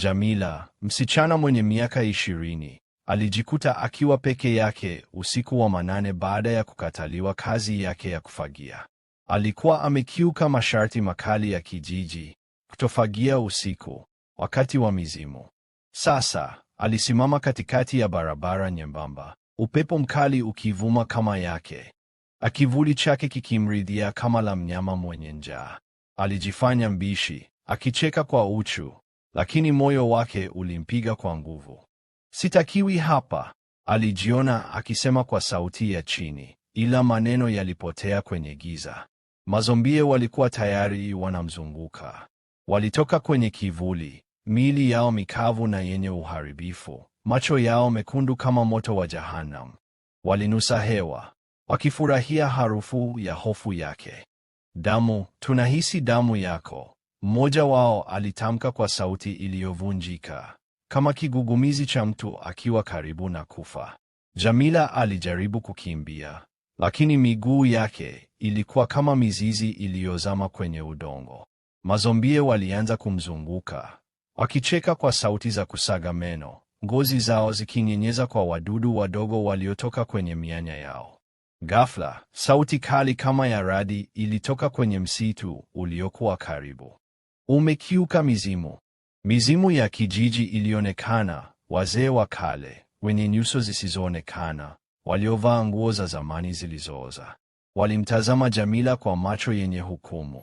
Jamila, msichana mwenye miaka ishirini, alijikuta akiwa peke yake usiku wa manane baada ya kukataliwa kazi yake ya kufagia. Alikuwa amekiuka masharti makali ya kijiji, kutofagia usiku, wakati wa mizimu. Sasa, alisimama katikati ya barabara nyembamba, upepo mkali ukivuma kama yake, akivuli chake kikimridhia kama la mnyama mwenye njaa. Alijifanya mbishi, akicheka kwa uchu, lakini moyo wake ulimpiga kwa nguvu. Sitakiwi hapa, alijiona akisema kwa sauti ya chini, ila maneno yalipotea kwenye giza. Mazombie walikuwa tayari wanamzunguka. Walitoka kwenye kivuli, miili yao mikavu na yenye uharibifu, macho yao mekundu kama moto wa jahanam. Walinusa hewa wakifurahia harufu ya hofu yake. Damu, tunahisi damu yako, mmoja wao alitamka kwa sauti iliyovunjika kama kigugumizi cha mtu akiwa karibu na kufa. Jamila alijaribu kukimbia, lakini miguu yake ilikuwa kama mizizi iliyozama kwenye udongo. Mazombie walianza kumzunguka wakicheka kwa sauti za kusaga meno, ngozi zao zikinyenyeza kwa wadudu wadogo waliotoka kwenye mianya yao. Ghafla, sauti kali kama ya radi ilitoka kwenye msitu uliokuwa karibu umekiuka mizimu. Mizimu ya kijiji ilionekana, wazee wa kale wenye nyuso zisizoonekana, waliovaa nguo za zamani zilizooza. Walimtazama Jamila kwa macho yenye hukumu.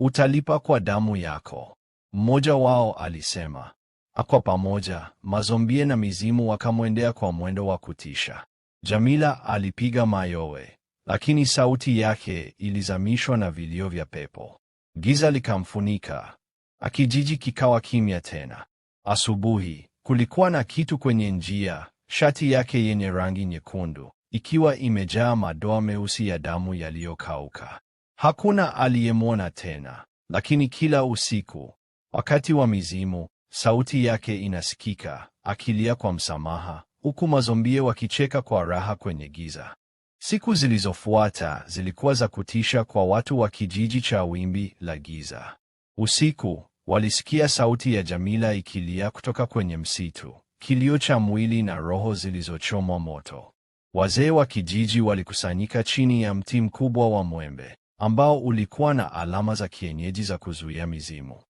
Utalipa kwa damu yako, mmoja wao alisema. akwa pamoja, mazombie na mizimu wakamwendea kwa mwendo wa kutisha. Jamila alipiga mayowe, lakini sauti yake ilizamishwa na vilio vya pepo. Giza likamfunika, Akijiji kikawa kimya tena. Asubuhi kulikuwa na kitu kwenye njia, shati yake yenye rangi nyekundu ikiwa imejaa madoa meusi ya damu yaliyokauka. Hakuna aliyemwona tena, lakini kila usiku wakati wa mizimu, sauti yake inasikika akilia kwa msamaha, huku mazombie wakicheka kwa raha kwenye giza. Siku zilizofuata zilikuwa za kutisha kwa watu wa kijiji cha Wimbi la Giza. Usiku Walisikia sauti ya Jamila ikilia kutoka kwenye msitu, kilio cha mwili na roho zilizochomwa moto. Wazee wa kijiji walikusanyika chini ya mti mkubwa wa mwembe ambao ulikuwa na alama za kienyeji za kuzuia mizimu.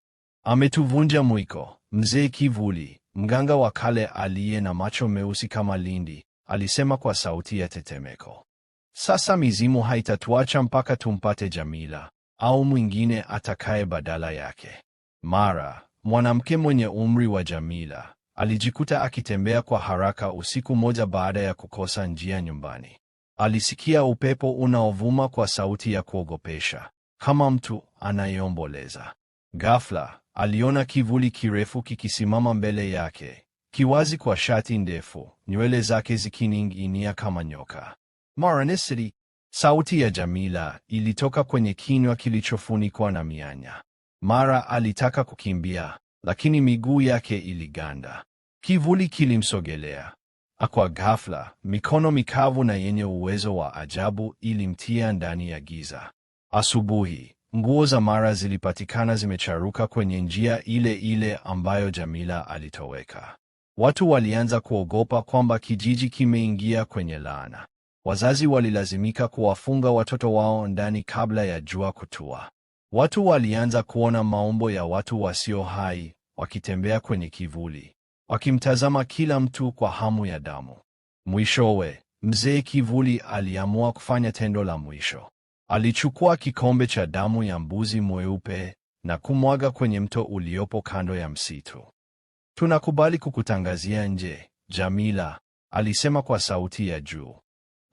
Ametuvunja mwiko, mzee Kivuli, mganga wa kale aliye na macho meusi kama lindi, alisema kwa sauti ya tetemeko. Sasa mizimu haitatuacha mpaka tumpate Jamila au mwingine atakaye badala yake. Mara, mwanamke mwenye umri wa Jamila alijikuta akitembea kwa haraka usiku moja baada ya kukosa njia nyumbani. Alisikia upepo unaovuma kwa sauti ya kuogopesha, kama mtu anayeomboleza. Ghafla, aliona kivuli kirefu kikisimama mbele yake, kiwazi kwa shati ndefu, nywele zake zikining'inia kama nyoka. Mara nisiri, sauti ya Jamila ilitoka kwenye kinywa kilichofunikwa na mianya. Mara alitaka kukimbia, lakini miguu yake iliganda. Kivuli kilimsogelea. Akwa ghafla, mikono mikavu na yenye uwezo wa ajabu ilimtia ndani ya giza. Asubuhi, nguo za Mara zilipatikana zimecharuka kwenye njia ile ile ambayo Jamila alitoweka. Watu walianza kuogopa kwamba kijiji kimeingia kwenye laana. Wazazi walilazimika kuwafunga watoto wao ndani kabla ya jua kutua. Watu walianza kuona maumbo ya watu wasio hai wakitembea kwenye kivuli, wakimtazama kila mtu kwa hamu ya damu. Mwishowe, mzee kivuli aliamua kufanya tendo la mwisho. Alichukua kikombe cha damu ya mbuzi mweupe na kumwaga kwenye mto uliopo kando ya msitu. Tunakubali kukutangazia nje, Jamila, alisema kwa sauti ya juu,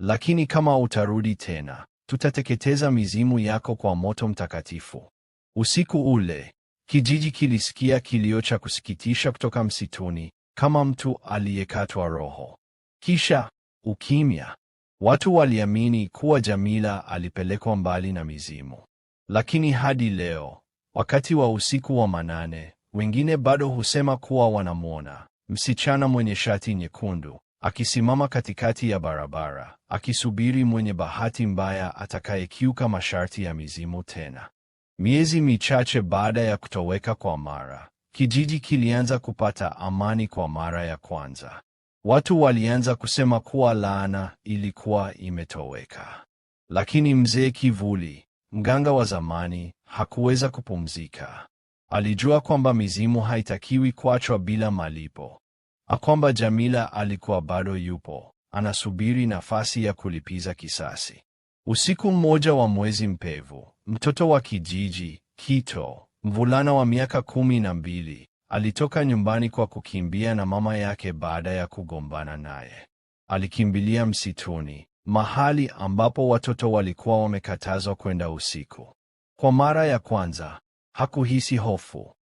lakini kama utarudi tena, tutateketeza mizimu yako kwa moto mtakatifu. Usiku ule kijiji kilisikia kilio cha kusikitisha kutoka msituni, kama mtu aliyekatwa roho. Kisha ukimya. Watu waliamini kuwa Jamila alipelekwa mbali na mizimu, lakini hadi leo wakati wa usiku wa manane, wengine bado husema kuwa wanamwona msichana mwenye shati nyekundu akisimama katikati ya barabara akisubiri mwenye bahati mbaya atakayekiuka masharti ya mizimu tena. Miezi michache baada ya kutoweka kwa Mara, kijiji kilianza kupata amani kwa mara ya kwanza. Watu walianza kusema kuwa laana ilikuwa imetoweka, lakini mzee Kivuli, mganga wa zamani, hakuweza kupumzika. Alijua kwamba mizimu haitakiwi kuachwa bila malipo, akwamba Jamila alikuwa bado yupo anasubiri nafasi ya kulipiza kisasi. Usiku mmoja wa mwezi mpevu, mtoto wa kijiji Kito, mvulana wa miaka kumi na mbili, alitoka nyumbani kwa kukimbia na mama yake baada ya kugombana naye. Alikimbilia msituni, mahali ambapo watoto walikuwa wamekatazwa kwenda usiku. Kwa mara ya kwanza hakuhisi hofu.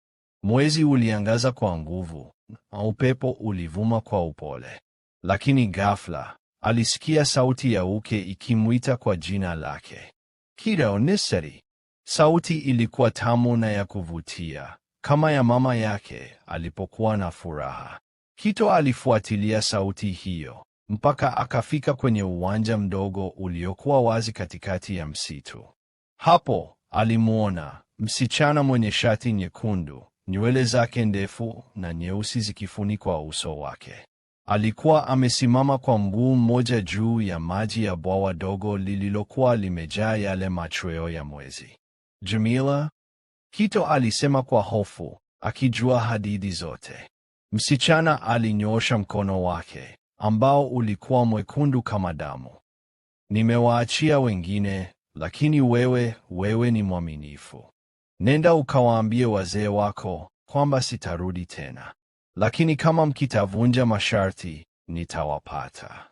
Mwezi uliangaza kwa nguvu, na upepo ulivuma kwa upole. Lakini ghafla alisikia sauti ya uke ikimwita kwa jina lake, Kidaoniseri. Sauti ilikuwa tamu na ya kuvutia kama ya mama yake alipokuwa na furaha. Kito alifuatilia sauti hiyo mpaka akafika kwenye uwanja mdogo uliokuwa wazi katikati ya msitu. Hapo alimwona msichana mwenye shati nyekundu nywele zake ndefu na nyeusi zikifunikwa uso wake. Alikuwa amesimama kwa mguu mmoja juu ya maji ya bwawa dogo lililokuwa limejaa yale machweo ya mwezi. Jamila, Kito alisema kwa hofu, akijua hadithi zote. Msichana alinyoosha mkono wake ambao ulikuwa mwekundu kama damu. Nimewaachia wengine, lakini wewe, wewe ni mwaminifu. Nenda ukawaambie wazee wako kwamba sitarudi tena, lakini kama mkitavunja masharti nitawapata.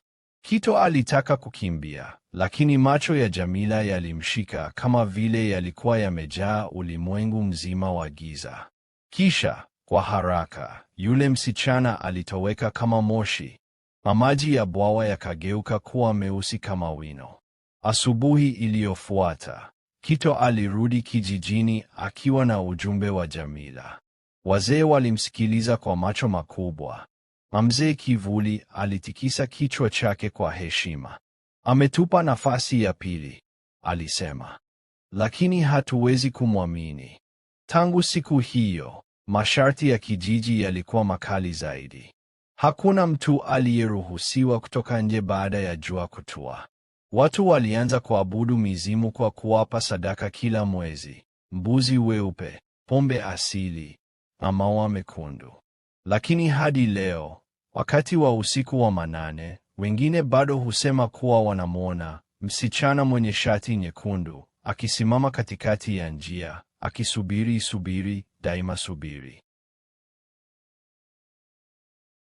Kito alitaka kukimbia, lakini macho ya Jamila yalimshika kama vile yalikuwa yamejaa ulimwengu mzima wa giza. Kisha kwa haraka yule msichana alitoweka kama moshi, na maji ya bwawa yakageuka kuwa meusi kama wino. Asubuhi iliyofuata Kito alirudi kijijini akiwa na ujumbe wa Jamila. Wazee walimsikiliza kwa macho makubwa. mamzee Kivuli alitikisa kichwa chake kwa heshima. Ametupa nafasi ya pili, alisema, lakini hatuwezi kumwamini. Tangu siku hiyo, masharti ya kijiji yalikuwa makali zaidi. Hakuna mtu aliyeruhusiwa kutoka nje baada ya jua kutua. Watu walianza kuabudu mizimu kwa kuwapa sadaka kila mwezi, mbuzi weupe, pombe asili na maua mekundu. Lakini hadi leo, wakati wa usiku wa manane, wengine bado husema kuwa wanamwona msichana mwenye shati nyekundu akisimama katikati ya njia, akisubiri subiri, daima subiri.